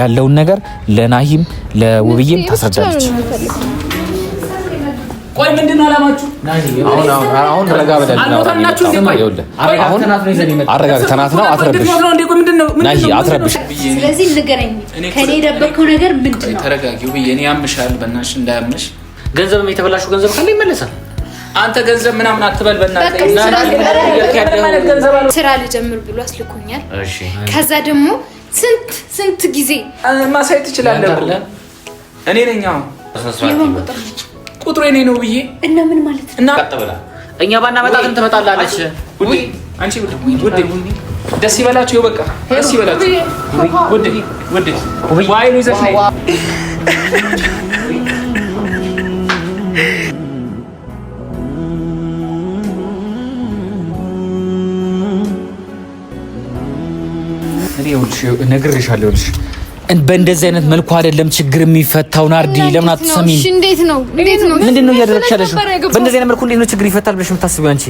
ያለውን ነገር ለናሂም ለውብዬም ታስረዳለች። ቆይ ምንድን አላማችሁ? ነው። አትረብሽ ናሂ፣ አትረብሽ። ስለዚህ ንገረኝ፣ ከኔ ነገር ምንድን ነው? እኔ ያምሻል፣ በእናትሽ እንዳያምሽ። ገንዘብም የተበላሹ ገንዘብ ካለ ይመለሳል። አንተ ገንዘብ ምናምን አትበል በእናትህ። ስራ ልጀምር ብሎ አስልኮኛል። ከዛ ደግሞ ስንት ስንት ጊዜ ማሳየት ትችላለህ። እኔ ነኛ ቁጥሩ እኔ ነው ብዬ እና ምን ማለት እና እኛ ባናመጣት ትመጣላለች። አንቺ ውዴ ደስ ይበላችሁ። ይኸው በቃ ደስ ይበላችሁ። ውዴ ውዴ ዋይኑ ይዘሽ ነይ ይኸውልሽ እነግርሻለሁ። ይኸውልሽ በእንደዚህ አይነት መልኩ አይደለም ችግር የሚፈታው። ናርዲ ለምን አትሰሚም? እንዴት ነው እንዴት ነው ምንድን ነው እያደረግሽ ያለሽው? በእንደዚህ አይነት መልኩ እንዴት ነው ችግር ይፈታል ብለሽ የምታስቢው አንቺ?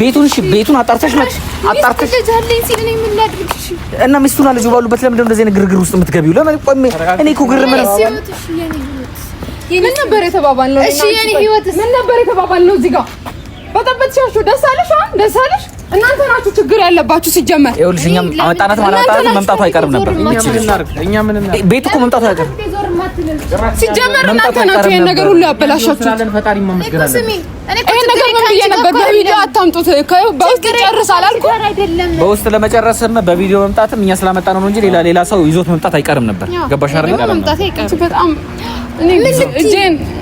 ቤቱን እሺ፣ ቤቱን አጣርተሽ ናት አጣርተሽ እና ሚስቱና ልጁ ባሉበት ለምንድን እንደዚህ አይነት ግርግር ውስጥ የምትገቢው? ለምን ቆሜ እኔ እኮ ግርም ነው ምን ነበር የተባባልነው? እሺ የኔ ህይወትስ ምን ነበር የተባባልነው እዚህ ጋር ሲያሹ ደስ አለሽ አሁን ደስ አለሽ። እናንተ ናችሁ ችግር ያለባችሁ ሲጀመር። ይኸውልሽ እኛም አመጣናት ማለት መምጣቱ አይቀርም ነበር። እኛ ምን እናርግ? እኛ ምን ቤት እኮ መምጣቱ አይቀርም ሲጀመር እናንተ ናችሁ ይሄን ነገር ሁሉ ያበላሻችሁ። ለመጨረስም በቪዲዮ መምጣትም እኛ ስላመጣ ነው እንጂ ሌላ ሌላ ሰው ይዞት መምጣት አይቀርም ነበር። ገባሽ አይደል?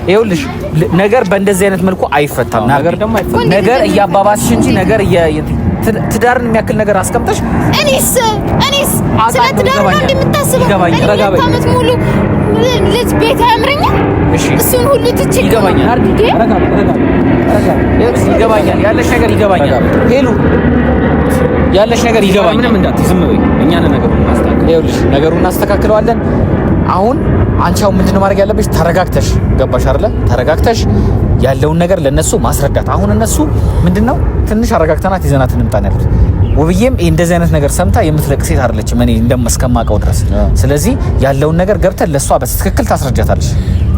ይኸውልሽ ነገር በእንደዚህ አይነት መልኩ አይፈታም። ነገር ደግሞ ነገር እያባባስሽ እንጂ ነገር ትዳርን የሚያክል ነገር አስቀምጠሽ እኔስ እኔስ ስለ ትዳር ነው እንደምታስበው ልጅ ቤት አያምረኝም። እሱን ሁሉ ትችል ይገባኛል። ይገባኛል ያለሽ ነገር ይገባኛል። ሄሉ ያለሽ ነገር ይገባኛል። ምንም እንዳትይ ዝም በይ። እኛ ነን ነገሩን እናስተካክለው። ይኸውልሽ ነገሩን እናስተካክለዋለን። አሁን አንቺ አሁን ምንድን ነው ማድረግ ያለብሽ? ተረጋግተሽ ገባሽ አይደለ? ተረጋግተሽ ያለውን ነገር ለነሱ ማስረዳት። አሁን እነሱ ምንድነው ትንሽ አረጋግተናት ይዘናት እንምጣን ያሉት ውብዬም እንደዚህ አይነት ነገር ሰምታ የምትለቅ ሴት አይደለችም፣ እኔ እንደምስከማቀው ድረስ። ስለዚህ ያለውን ነገር ገብተን ለእሷ በትክክል ታስረጃታለች።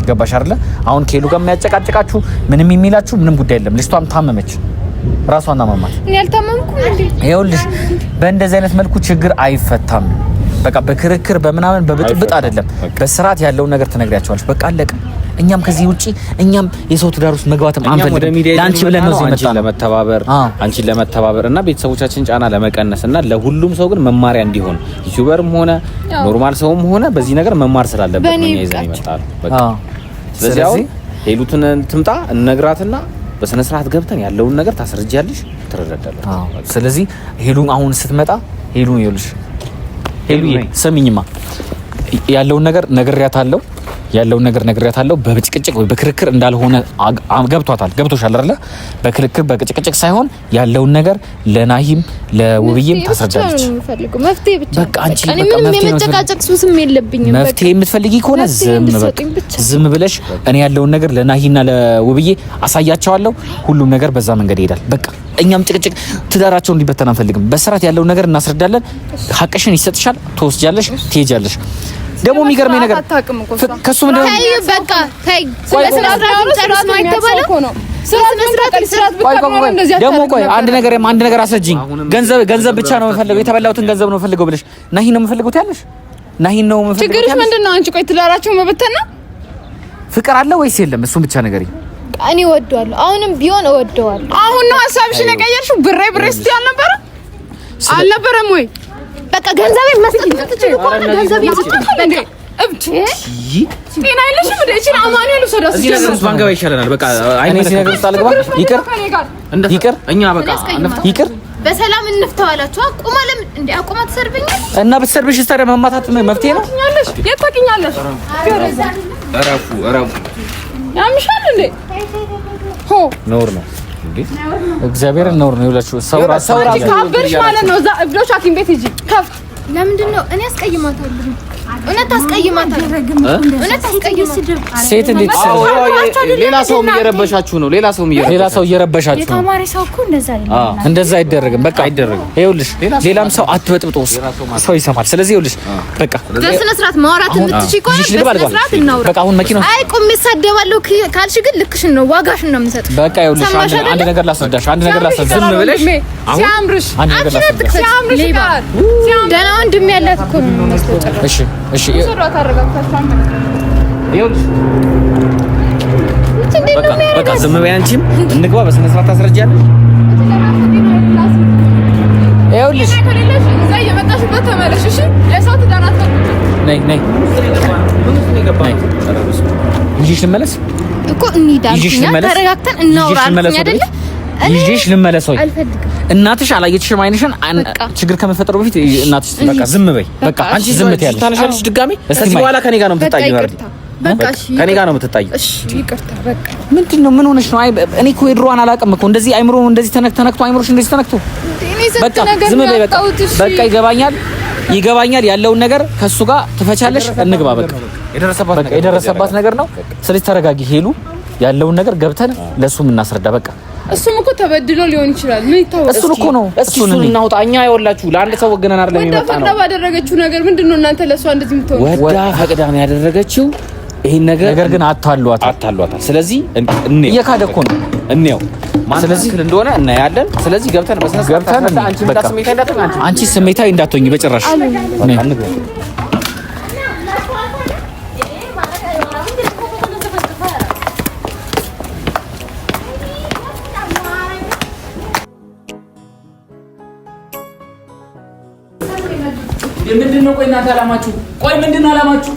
ገባሽ አይደለ? አሁን ከሄሉ ጋር የሚያጨቃጭቃችሁ ምንም የሚላችሁ ምንም ጉዳይ የለም። ልጅቷም ታመመች፣ ራሷን አመማት። ይኸውልሽ በእንደዚህ አይነት መልኩ ችግር አይፈታም። በቃ በክርክር በምናምን በብጥብጥ አይደለም። በስርዓት ያለውን ነገር ትነግሪያቸዋለች። በቃ አለቀ። እኛም ከዚህ ውጪ እኛም የሰው ትዳር ውስጥ መግባትም አንፈልግም። ለአንቺ ብለን ነው እዚህ ለመተባበር አንቺን ለመተባበር እና ቤተሰቦቻችን ጫና ለመቀነስ እና ለሁሉም ሰው ግን መማሪያ እንዲሆን ዩቲዩበርም ሆነ ኖርማል ሰውም ሆነ በዚህ ነገር መማር ስላለበት ነው ይዘን ይመጣል። በቃ ስለዚህ አሁን ሄሉትን ትምጣ እነግራትና በስነ ስርዓት ገብተን ያለውን ነገር ታስረጃለሽ፣ ትረዳዳለች። ስለዚህ ሄሉን አሁን ስትመጣ ሄሉን ይልሽ ሄሉዬ ስሚኝማ ያለውን ነገር ነግሬያታለሁ። ያለውን ነገር ነግሬያታለሁ። በብጭቅጭቅ ወይ በክርክር እንዳልሆነ ገብቷታል። ገብቶሻል አይደለ? በክርክር በቅጭቅጭቅ ሳይሆን ያለውን ነገር ለናሂም ለውብዬም ታስረዳለች። በቃ አንቺ መፍትሄ የምትፈልጊ ከሆነ ዝም ብለሽ እኔ ያለውን ነገር ለናሂና ለውብዬ አሳያቸዋለሁ። ሁሉም ነገር በዛ መንገድ ይሄዳል። በቃ እኛም ጭቅጭቅ ትዳራቸው እንዲበተን አንፈልግም። በስርዓት ያለውን ነገር እናስረዳለን። ሀቅሽን ይሰጥሻል፣ ትወስጃለሽ፣ ትሄጃለሽ ደግሞ የሚገርመኝ ነገር ከሱ ምንድን ነው በቃ ደግሞ ቆይ አንድ ነገር አንድ ነገር አስረጅኝ። ገንዘብ ገንዘብ ብቻ ነው የምፈልገው፣ የተበላሁትን ገንዘብ ነው የምፈልገው ብለሽ ናሂን ነው የምፈልገው ያለሽ ናሂን ነው የምፈልገው። ችግርሽ ምንድን ነው? አንቺ ቆይ መበተን ነው? ፍቅር አለ ወይስ የለም? እሱን ብቻ ንገሪኝ። እኔ እወደዋለሁ፣ አሁንም ቢሆን እወደዋለሁ። አሁን ነው ሀሳብሽን የቀየርሽው? ብሬ ብሬ ስትይ አልነበረም አልነበረም ወይ በቃ ገንዘብ መስጠት የምትችል እኮ ገንዘብ ባንገባ ይሻለናል። በቃ ይቅር፣ እኛ በቃ ይቅር፣ በሰላም እንፍታው አላችሁ። አቁማለም እንዴ? አቁማ ትሰርብኛል እና ብትሰርብሽ ስታረ መማታት መፍትሄ ነው። የታቂኛለሽ? እረፉ እረፉ። ያምሻል እንዴ? ሆ ኖር ነው እንዴ? እግዚአብሔር ነውር ነው። ይኸውላችሁ ሰው ራሱ ማለት ነው። እዛ እብዶች ሐኪም ቤት ሂጂ ከፍት ለምንድን ነው እኔ አስቀይማታለሁ? እውነት አስቀይማታለሁ። እውነት አስቀይማታለሁ። ሌላ ሰው እየረበሻችሁ ነው? ሌላ ሰው ሌላ ሰው እየረበሻችሁ ነው። የተማሪ ሰው እኮ እንደዛ አይደለም። እንደዛ አይደረግም። በቃ አይደረግም። ይኸውልሽ ሌላም ሰው አትበጥብጦ፣ ሰው ይሰማል። ስለዚህ ይኸውልሽ በቃ በስነ ስርዓት ማውራት የምትችይ ከሆነ በስነ ስርዓት እናውራ። በቃ አሁን መኪናው አይ ቁም ይሳደባለሁ ካልሽ ግን ልክሽን ነው ዋጋሽን ነው የምሰጥሽ። በቃ ይኸውልሽ አንድ ነገር ላስረዳሽ፣ አንድ ነገር ላስረዳሽ። ዝም ብለሽ አሁን አንድ ነገር ላስረዳሽ ወንድም ያላት እኮ ነው መስሎ እሺ፣ እሺ፣ በቃ ዝም በይ። አንቺም እንግባ፣ በስነ ስርዓት ታስረጃለሽ። ይኸውልሽ ይዤሽ ልመለስ እኮ እንሂድ አልኩኝ። ተረጋግተን እናውራ አልኩኝ አይደለ? ይዤሽ ልመለስ ወይ አልፈልግም እናትሽ አላየችሽም አይንሽን። ችግር ከመፈጠሩ በፊት እናትሽ በቃ ዝም በይ። በቃ አንቺ ዝም ትያለሽ። ታነሻለሽ ድጋሚ። እስቲ በኋላ ከኔ ጋር ነው የምትጣዩ ነው አይደል? ከኔ ጋር ነው እሺ ይቅርታ በቃ ምንድን ነው? ምን ሆነሽ ነው? አይ እኔ እኮ የድሮዋን አላውቅም እኮ እንደዚህ አይምሮ እንደዚህ ተነክቶ አይምሮሽ እንደዚህ ተነክቶ። በቃ ዝም በይ። በቃ በቃ ይገባኛል ይገባኛል ያለውን ነገር ከሱ ጋር ትፈቻለሽ። እንግባ በቃ የደረሰባት ነገር ነው። ስለዚህ ተረጋጊ ሄሉ፣ ያለውን ነገር ገብተን ለሱ የምናስረዳ በቃ እሱም እኮ ተበድሎ ሊሆን ይችላል። ምን ይታወቅ? እሱን እኮ ነው እሱን እናውጣ። እኛ ይኸውላችሁ ለአንድ ሰው ወገናን አይደለም የሚመጣ ነው። ባደረገችው ነገር ምንድን ነው እናንተ ለእሷ እንደዚህ የምትሆኑ? ወዳ ፈቅዳ ነው ያደረገችው ይህን ነገር። ነገር ግን አታሏታል፣ አታሏታል። ስለዚህ እየካደ እኮ ነው እንየው ስለዚህ እንደሆነ እናያለን። ስለዚህ ገብተን በስነ ስርዓት ገብተን አንቺ ስሜታዊ እንዳትሆኝ በጭራሽ የምንድን ነው? ቆይ እናንተ አላማችሁ፣ ቆይ ምንድን ነው አላማችሁ?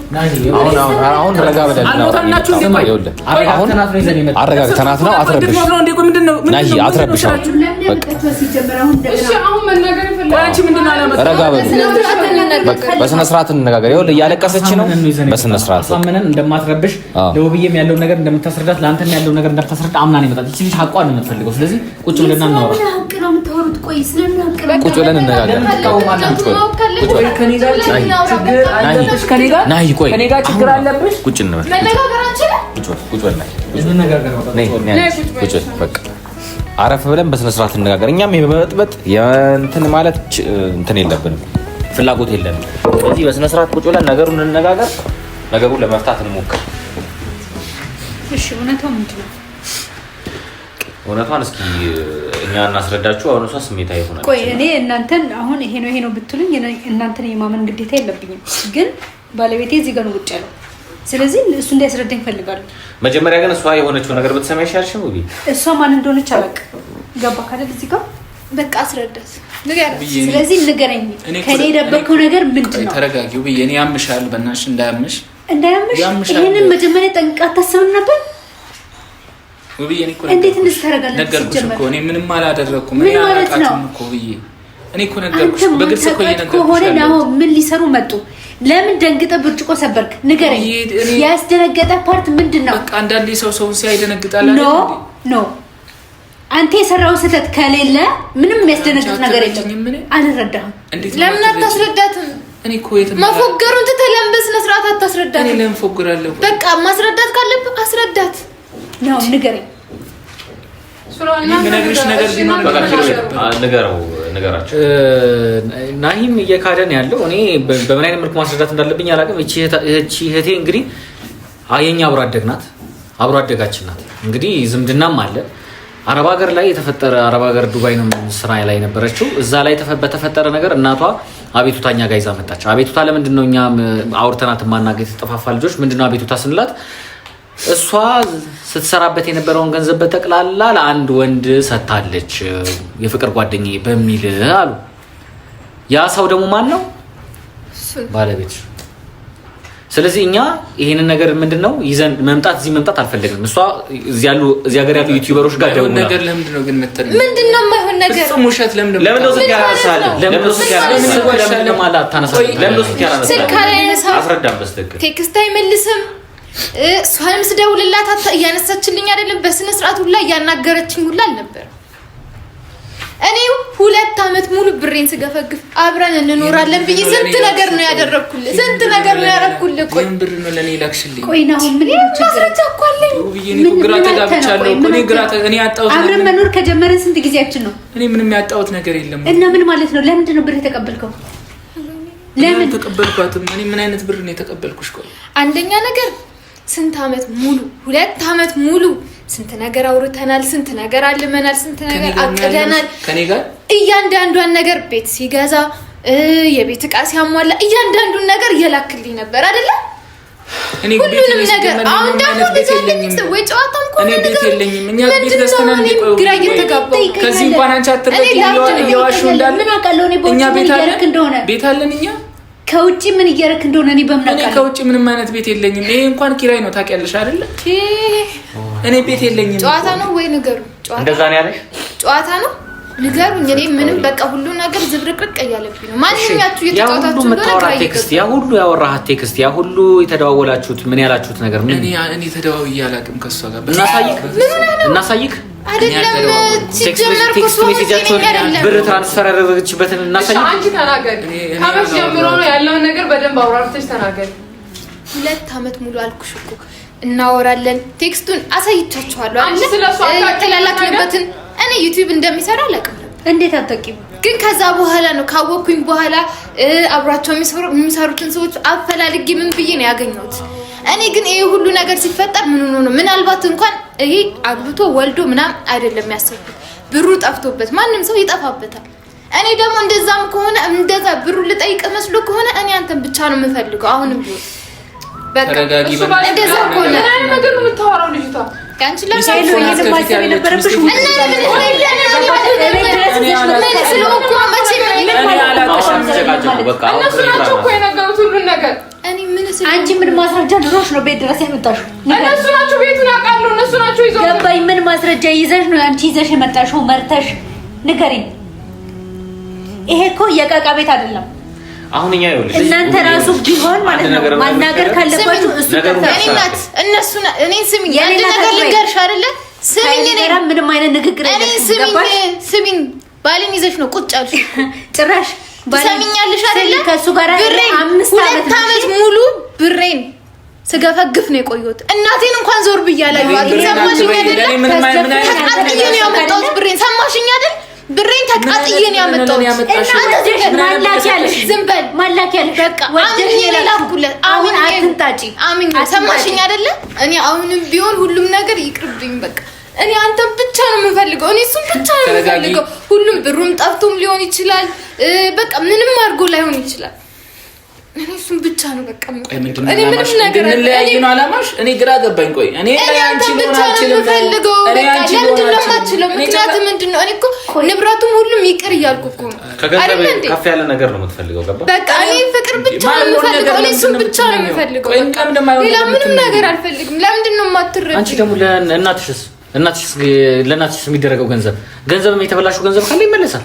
በስነ ስርዓት እንነጋገር። ይኸውልህ እያለቀሰች ነው። በስነ ስርዓት አሳምነን እንደማትረብሽ ለውብዬም ያለውን ነገር እንደምታስረዳት፣ ለአንተም ያለውን ነገር እንደምታስረዳ አምናን ይመጣል። ይቺ ልጅ ሀቋን ነው የምትፈልገው። ስለዚህ ቁጭ ብለና እናወራ ቁጭ ብለን እንነጋገር። አረፍ ብለን በስነ ስርዓት እንነጋገር። እኛም የመበጥበጥ እንትን ማለት እንትን የለብንም፣ ፍላጎት የለንም። ስለዚህ በስነ ስርዓት ቁጭ ብለን ነገሩን እንነጋገር፣ ነገሩን ለመፍታት እንሞክር። እሺ እውነታው ምንድን ነው? እውነቷን እስኪ እኛ እናስረዳችሁ። አሁን እሷ ስሜታ ይሆናል። ቆይ እኔ እናንተን አሁን ይሄ ነው ይሄ ነው ብትሉኝ እናንተን የማመን ግዴታ የለብኝም፣ ግን ባለቤቴ እዚህ ጋር ውጭ ያለው። ስለዚህ እሱ እንዲያስረዳኝ እፈልጋለሁ። መጀመሪያ ግን እሷ የሆነችው ነገር ብትሰማ ይሻልሽም። ውቢ እሷ ማን እንደሆነች አላቅ ገባ ካደል እዚህ ጋር በቃ አስረዳት። ስለዚህ ንገረኝ፣ ከኔ የደበቅከው ነገር ምንድን ነው? ተረጋጊ ውብዬ። እኔ ያምሻል፣ በእናትሽ እንዳያምሽ፣ እንዳያምሽ። ይህንን መጀመሪያ ጠንቅቃ አታስብም ነበር እኔ ምንም ምን ማለት ነው እኔ እኮ ነገርኩሽ በግልጽ እኮ ከሆነ ናሆም ምን ሊሰሩ መጡ? ለምን ደንግጠ ብርጭቆ ሰበርክ? ንገረኝ። ያስደነገጠ ፓርት ምንድን ነው? በቃ አንዳንዴ ሰው ሰውን ሲያይደነግጣል። ኖ ኖ አንተ የሰራው ስህተት ከሌለ ምንም የሚያስደነግጥ ነገር የለም። አልረዳህም። ለምን አታስረዳትም? እኔ እኮ መፎገሩን ትተህ ለምን አታስረዳትም? እኔ ለምን በቃ ማስረዳት ካለብህ አስረዳት ነው። ንገረኝ የሚነግርሽ ነገር ናሂም እየካደን ያለው እኔ በምን አይነት መልኩ ማስረዳት እንዳለብኝ አላውቅም። እቺ እህቴ እንግዲህ አየኛ አብሮ አደግ ናት፣ አብሮ አደጋችን ናት። እንግዲህ ዝምድናም አለ። አረብ ሀገር ላይ የተፈጠረ አረብ ሀገር ዱባይ ነው ስራ ላይ ነበረችው። እዛ ላይ በተፈጠረ ነገር እናቷ አቤቱታ እኛ ጋ ይዛ መጣች። አቤቱታ ለምንድን ነው እኛ አውርተናት ማናገ የተጠፋፋ ልጆች ምንድነው አቤቱታ ስንላት እሷ ስትሰራበት የነበረውን ገንዘብ በጠቅላላ ለአንድ ወንድ ሰጥታለች፣ የፍቅር ጓደኝ በሚል አሉ። ያ ሰው ደግሞ ማን ነው? ባለቤት። ስለዚህ እኛ ይሄንን ነገር ምንድን ነው ይዘን መምጣት እዚህ መምጣት አልፈለግንም። እሷ እዚህ ሀገር ያሉ ዩቲዩበሮች ጋር ደውላ ነገር ለምንድን ነው ግን ምንድን ነው የማይሆን ነገር ውሸት ለምንድን ነው ለምንድን ነው አታነሳለህ? ለምንድን ነው አስረዳም። በስተቀር ቴክስት አይመልስም እሷንም ስደውልላት እያነሳችልኝ አይደለም። በስነ ስርዓት ሁላ እያናገረችኝ ሁላ አልነበረም። እኔ ሁለት አመት ሙሉ ብሬን ስገፈግፍ አብረን እንኖራለን ብዬ ስንት ነገር ነው ያደረግኩልህ፣ ስንት ነገር ነው ያደረግኩልህ። ቆይ ብር ነው ለእኔ ላክሽልኝ። ቆይ ነው ና ማስረጃ እኮ አለኝ። ግራ ተጋብቻለሁ እኔ ግራ እኔ ያጣሁት አብረን መኖር ከጀመረን ስንት ጊዜያችን ነው። እኔ ምንም ያጣሁት ነገር የለም። እና ምን ማለት ነው? ለምንድን ነው ብር ተቀበልከው? ለምን ተቀበልኳትም? እኔ ምን አይነት ብር ነው የተቀበልኩሽ? ቆይ አንደኛ ነገር ስንት ዓመት ሙሉ ሁለት ዓመት ሙሉ ስንት ነገር አውርተናል፣ ስንት ነገር አልመናል፣ ስንት ነገር አቅደናል። እያንዳንዷን ነገር ቤት ሲገዛ የቤት እቃ ሲያሟላ እያንዳንዱን ነገር እየላክልኝ ነበር አይደለ? ሁሉንም ነገር አሁን ደግሞ ወይ ጨዋታም ከሆነ ነገር ግራ እየተጋባሁ ከዚህ እንኳን አንቺ አትረቂም እያዋሹ እንዳለ እኛ ቤት አለን እኛ ከውጭ ምን እየረክ እንደሆነ እኔ በምን አውቃለሁ? ከውጭ ምንም አይነት ቤት የለኝም። ይሄ እንኳን ኪራይ ነው ታውቂያለሽ አይደለ? እኔ ቤት የለኝም። ጨዋታ ነው ወይ ንገሩ። እንደዛ ነው ያለሽ? ጨዋታ ነው ንገሩ። እኔ ምንም በቃ ሁሉ ነገር ዝብርቅርቅ እያለብኝ ነው። ማንኛችሁ እየተጫወታችሁ እንደሆነ ቴክስት፣ ያ ሁሉ ያወራሃት ቴክስት፣ ያ ሁሉ የተደዋወላችሁት ምን ያላችሁት ነገር ምን? እኔ ተደዋውዬ አላውቅም ከእሷ ጋር። እናሳይክ እናሳይክ ብር ትራንስፈር ያደረገችበትን እናሳይ። አንቺ ተናገሪ። ከመቼ ጀምሮ ነው ያለውን ነገር በደንብ አውራርተሽ ተናገሪ። ሁለት ዓመት ሙሉ አልኩሽ እኮ እናወራለን። ቴክስቱን አሳይቻችኋለሁ። ተላላክንበትን እኔ ዩቲዩብ እንደሚሰራ አላውቅም። እንዴት አታውቂም? ግን ከዛ በኋላ ነው ካወቅኩኝ በኋላ አብሯቸው የሚሰሩትን ሰዎች አፈላልጌ ምን ብዬ ነው ያገኘሁት እኔ ግን ይሄ ሁሉ ነገር ሲፈጠር ምን ሆኖ ነው? ምናልባት እንኳን ይሄ አግብቶ ወልዶ ምናምን አይደለም ያሰብኩት፣ ብሩ ጠፍቶበት ማንም ሰው ይጠፋበታል። እኔ ደግሞ እንደዛም ከሆነ እንደዛ ብሩ ልጠይቅ መስሎ ከሆነ እኔ አንተን ብቻ ነው የምፈልገው። አሁንም ቢሆን በቃ እንደዛ ከሆነ ነገር አንቺ ምን ማስረጃ ድሮሽ ነው ቤት ድረስ የመጣሽው? እነሱ ናቸው ቤቱን ያውቃሉ። እነሱ ናቸው ይዘው ገባኝ። ምን ማስረጃ ይዘሽ ነው አንቺ ይዘሽ የመጣሽው? መርተሽ ንገሪኝ። ይሄ እኮ የቃቃ ቤት አይደለም። አሁን እኛ ይኸውልሽ፣ እናንተ ራሱ ቢሆን ማለት ነው ማናገር ካለባችሁ እሱ ተፈራኒናት እነሱ እኔ ስም ያንድ ነገር ልንገርሽ አይደለ? ስሚኝ፣ እኔ ምንም አይነት ንግግር እኔ ስሚኝ፣ ስሚኝ ባልን ይዘሽ ነው ቁጭ አልሽ ጭራሽ ትሰሚኛለሽ አይደለ? ከሱ ጋር ሁለት ሙሉ ብሬን ስገፈግፍ ነው የቆየሁት። እናቴን እንኳን ዞር ብዬ ሰማሽኝ አይደለ? ብሬን። ሰማሽኝ አይደል? ብሬን ተቃጥዬ ነው ያመጣሁት። ዝም በል በቃ። አምኜ አምኜ ሰማሽኝ አይደለ? እኔ አሁንም ቢሆን ሁሉም ነገር ይቅርብኝ በቃ እኔ አንተ ብቻ ነው የምፈልገው። እኔ እሱም ብቻ ነው የምፈልገው። ሁሉም ብሩም ጠፍቶም ሊሆን ይችላል። በቃ ምንም አድርጎ ላይሆን ይችላል። እኔ እሱም ብቻ ነው በቃ እኔ ምንም ነገር እንለያይ ነው አላማሽ? እኔ ግራ ገባኝ። ቆይ እኔ አንተ ብቻ ነው የምፈልገው። በቃ ለምንድን ነው የማትችለው? ምክንያቱ ምንድን ነው? እኔ እኮ ንብረቱም ሁሉም ይቅር እያልኩ እኮ ነው። ከፍ ያለ ነገር ነው የምትፈልገው። ገባ በቃ እኔ ፍቅር ብቻ ነው የምፈልገው። እኔ እሱም ብቻ ነው የምፈልገው። ሌላ ምንም ነገር አልፈልግም። ለምንድን ነው የማትረጂው? አንቺ ደግሞ ለእናትሽስ ለእናትሽ የሚደረገው ገንዘብ ገንዘብም የተበላሹ ገንዘብ ካለ ይመለሳል።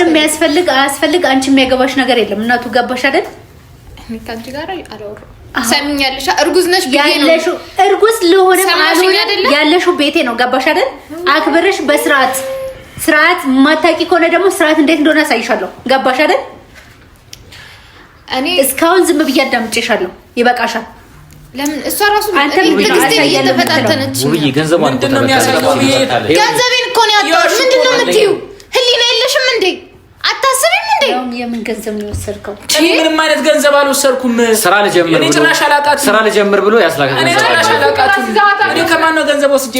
ወንድም የሚያስፈልግ አያስፈልግ አንቺ የሚያገባሽ ነገር የለም። እናቱ ገባሽ አይደል? ከአንቺ ጋር አላወራሁም። ሰምኛለሽ። እርጉዝ ነሽ ብዬሽ ነው እርጉዝ ለሆነ ያለሽው ቤቴ ነው። ገባሽ አይደል? አክብርሽ በስርዓት ስርዓት ማታቂ ከሆነ ደግሞ ስርዓት እንዴት እንደሆነ አሳይሻለሁ። ገባሽ አይደል? እኔ እስካሁን ዝም ብዬ አዳምጬሻለሁ። ይበቃሻል። ለምን እሷ ራሱ ትዕግስት እየተፈታተነች ገንዘቤን እኮ ነው ያጣሁት። ምንድን ነው የምትይው? ህሊና የለሽም እንዴ? አታስብም እንዴ? የምን ገንዘብ ነው የወሰድከው? እኔ ምንም አይነት ገንዘብ አልወሰድኩም። ስራ ልጀምር ብሎ ጭራሽ አላቃትም። ስራ ልጀምር ብሎ ያስላከ እኔ ከማን ነው ገንዘብ ወስጄ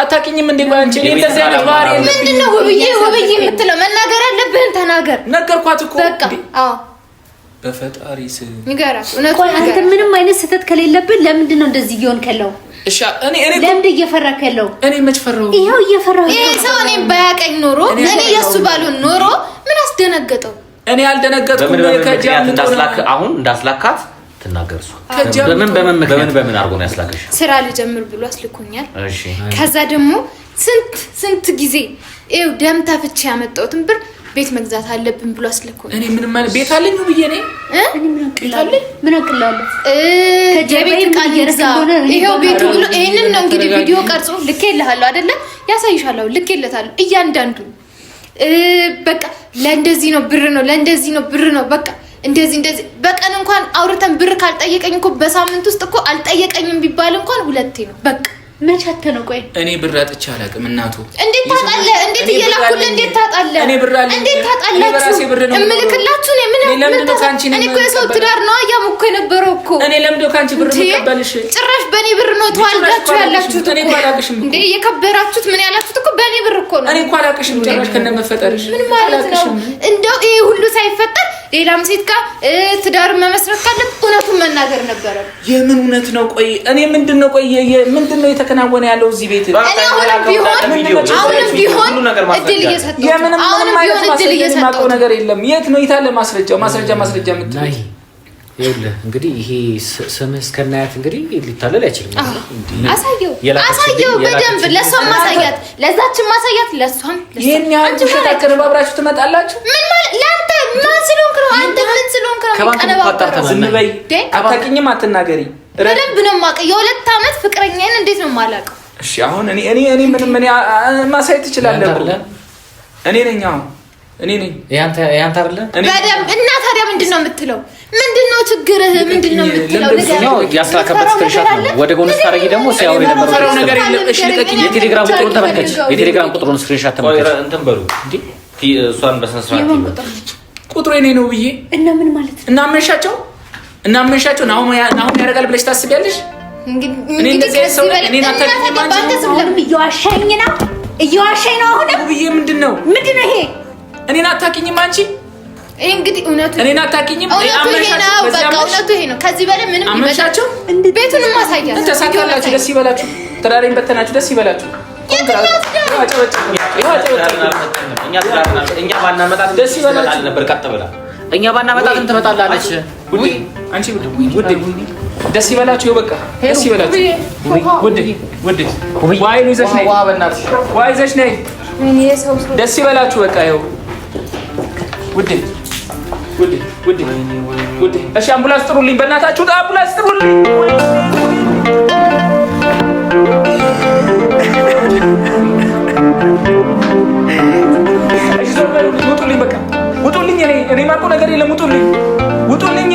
አታውቂኝም እንዴ? ባንቺ እኔ እንደዚህ አይነት ባህሪ የለብኝም። ውብዬ ውብዬ የምትለው? መናገር ያለብህን ተናገር። ነገርኳት እኮ በቃ። አዎ በፈጣሪ ስም ንገራት። እውነት ምንም አይነት ስህተት ከሌለብን ለምንድን ነው እንደዚህ እየሆንክ ያለው? ለምድ እየፈራክ ያለው? እኔ መች ፈራሁ? ይኸው እየፈራሁ ይሄ ሰው እኔ ባያቀኝ ኖሮ እኔ የእሱ ባልሆን ኖሮ ምን አስደነገጠው? እኔ አልደነገጥኩም። አሁን እንዳስላካት ትናገር እሷ በምን በምን በምን በምን አድርጎ ነው ያስላከሽ? ስራ ልጀምር ብሎ አስልኮኛል። ከዛ ደግሞ ስንት ስንት ጊዜ ይኸው ደም ተፍቼ ያመጣሁትን ብር ቤት መግዛት አለብን ብሎ አስለኮ እኔ ምን ማለት ቤት አለኝ ነው ብዬ እኔ ምን አቅላለሁ የቤት ቃል ይርዛ ይሄው ቤቱ ብሎ ይሄንን ነው እንግዲህ ቪዲዮ ቀርጾ ልኬልሃለሁ አይደለ? ያሳይሻለሁ፣ ልኬለታለሁ። እያንዳንዱ በቃ ለእንደዚህ ነው ብር ነው ለእንደዚህ ነው ብር ነው በቃ እንደዚህ እንደዚህ በቀን እንኳን አውርተን ብር ካልጠየቀኝ እኮ በሳምንት ውስጥ እኮ አልጠየቀኝም ቢባል እንኳን ሁለቴ ነው በቃ መቻተ ነው? ቆይ እኔ ብር አጥቼ አላውቅም። እናቱ እንዴት ታጣለ? እንዴት እየላኩል? እንዴት ታጣለ? እኔ ብር አለ። እንዴት እኔ ብር ነው እምልክላችሁ ነው። ምን ለምን ታንቺ ነው? እኔ ቆይ ሰው ትዳር ነው እያሞኩ የነበረው እኮ እኔ ለምዶ ካንቺ ብር ተቀበልሽ። ጭራሽ በእኔ ብር ነው ተዋልዳችሁ ያላችሁት። እኔ እኮ አላውቅሽም እንዴ የከበራችሁት ምን ያላችሁት እኮ በእኔ ብር እኮ ነው። እኔ እኮ አላውቅሽም ጭራሽ ከነመፈጠርሽ ምን ማለት ነው? እንደው ይሄ ሁሉ ሳይፈጠር ሌላም ሴት ጋር ትዳር መመስረት ካለ እውነቱን መናገር ነበረ። የምን እውነት ነው? ቆይ እኔ ምንድን ነው ቆይ ምንድን ነው የተከናወነ ያለው እዚህ ቤት? አሁንም ነገር የለም። የት ነው ማስረጃው? ማስረጃ ማስረጃ ይኸውልህ እንግዲህ ይሄ ስምህ እስከናያት እንግዲህ ሊታለል አይችልም። አሳየው አሳየው፣ በደንብ ለእሷም ማሳያት፣ ለዛችን ማሳያት፣ ለእሷም ይህን ያህል ውሸት አቀነባብራችሁ ትመጣላችሁ። ማን ስለሆንክ ነው? አንተ ምን ስለሆንክ ነው? ዝም በይ፣ አታውቂኝም፣ አትናገሪ። በደንብ ነው የማውቀው። የሁለት ዓመት ፍቅረኛዬን እንዴት ነው የማላውቀው? እሺ አሁን እኔ እኔ እኔ ምንም እኔ ማሳየት ትችላለህ እኮ እኔ ነኝ አሁን እኔ ነኝ ያንተ ያንተ አይደለ በደንብ እና ታዲያ ምንድን ነው የምትለው? ምንድን ነው ችግርህ? ምንድን ነው የምትለው? ነው ያስላከበት ስክሪንሾት ነው። ወደ ጎን ስታረጊ ደግሞ ሲያወሩ የነበረው ነገር የለም። እሺ ልቀቂኝ። የቴሌግራም ቁጥሩን ተመልከች። የቴሌግራም ቁጥሩን ስክሪንሾት ተመልከች። እንትን በሉ እሷን በስነ ስርዓት ቁጥሩ የኔ ነው ብዬ እና ምን ማለት ነው? እናመንሻቸው እናመንሻቸው ናሁን ያደርጋል ብለሽ ታስቢያለሽ? እየዋሸኝ ነው እየዋሸኝ ነው። አሁንም ብዬ ምንድን ነው ምንድን ነው ይሄ? እኔን አታውቂኝም አንቺ እንግዲህ እውነቱ እኔን አታውቂኝም። እውነቱ ይሄ ነው። ከዚህ በላይ ምንም አመንሻቸው። ቤቱንም አሳያለሁ። ተሳካላችሁ። ደስ ይበላችሁ። ትዳሬን በተናችሁ። ደስ ይበላችሁ። እኛ ባናመጣት ደስ ይበላል ነበር። ቀጥ ትመጣላለች። ደስ ይበላችሁ። በቃ ደስ ይበላችሁ። ዋይን ይዘሽ ነይ፣ ዋይ ይዘሽ ነይ። ደስ ይበላችሁ። በቃ ይኸው ውድ ውድ ውድ። እሺ፣ አምቡላንስ ጥሩልኝ፣ በእናታችሁ አምቡላንስ ጥሩልኝ። ውጡልኝ፣ በቃ ውጡልኝ። እኔ እኔ የማውቀው ነገር የለም። ውጡልኝ፣ ውጡልኝ።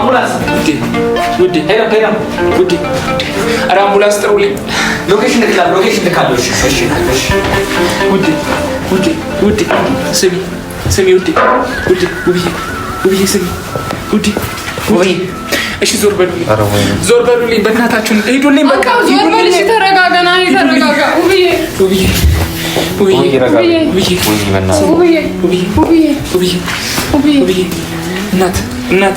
አምቡላንስ ውድ ሄሎ ሄሎ፣ ውዴ ኧረ አምቡላንስ ጥሩልኝ። ሎኬሽን ልካለሁ፣ ሎኬሽን ልካለሁ። እሺ እሺ እሺ። ውዴ ውዴ ውዴ ስሚ ስሚ ውድ ውድ ውብዬ ውብዬ ስሚ ውዴ ውብዬ እሺ ዞር በሉልኝ፣ ዞር በሉልኝ፣ በእናታችሁ ሂዱልኝ። በቃ ዞር በል። እሺ ተረጋጋ፣ ና ተረጋጋ። ውብዬ ውብዬ እናት እናት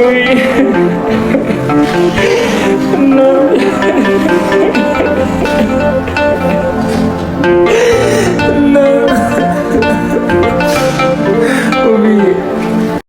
Nuri. Nuri.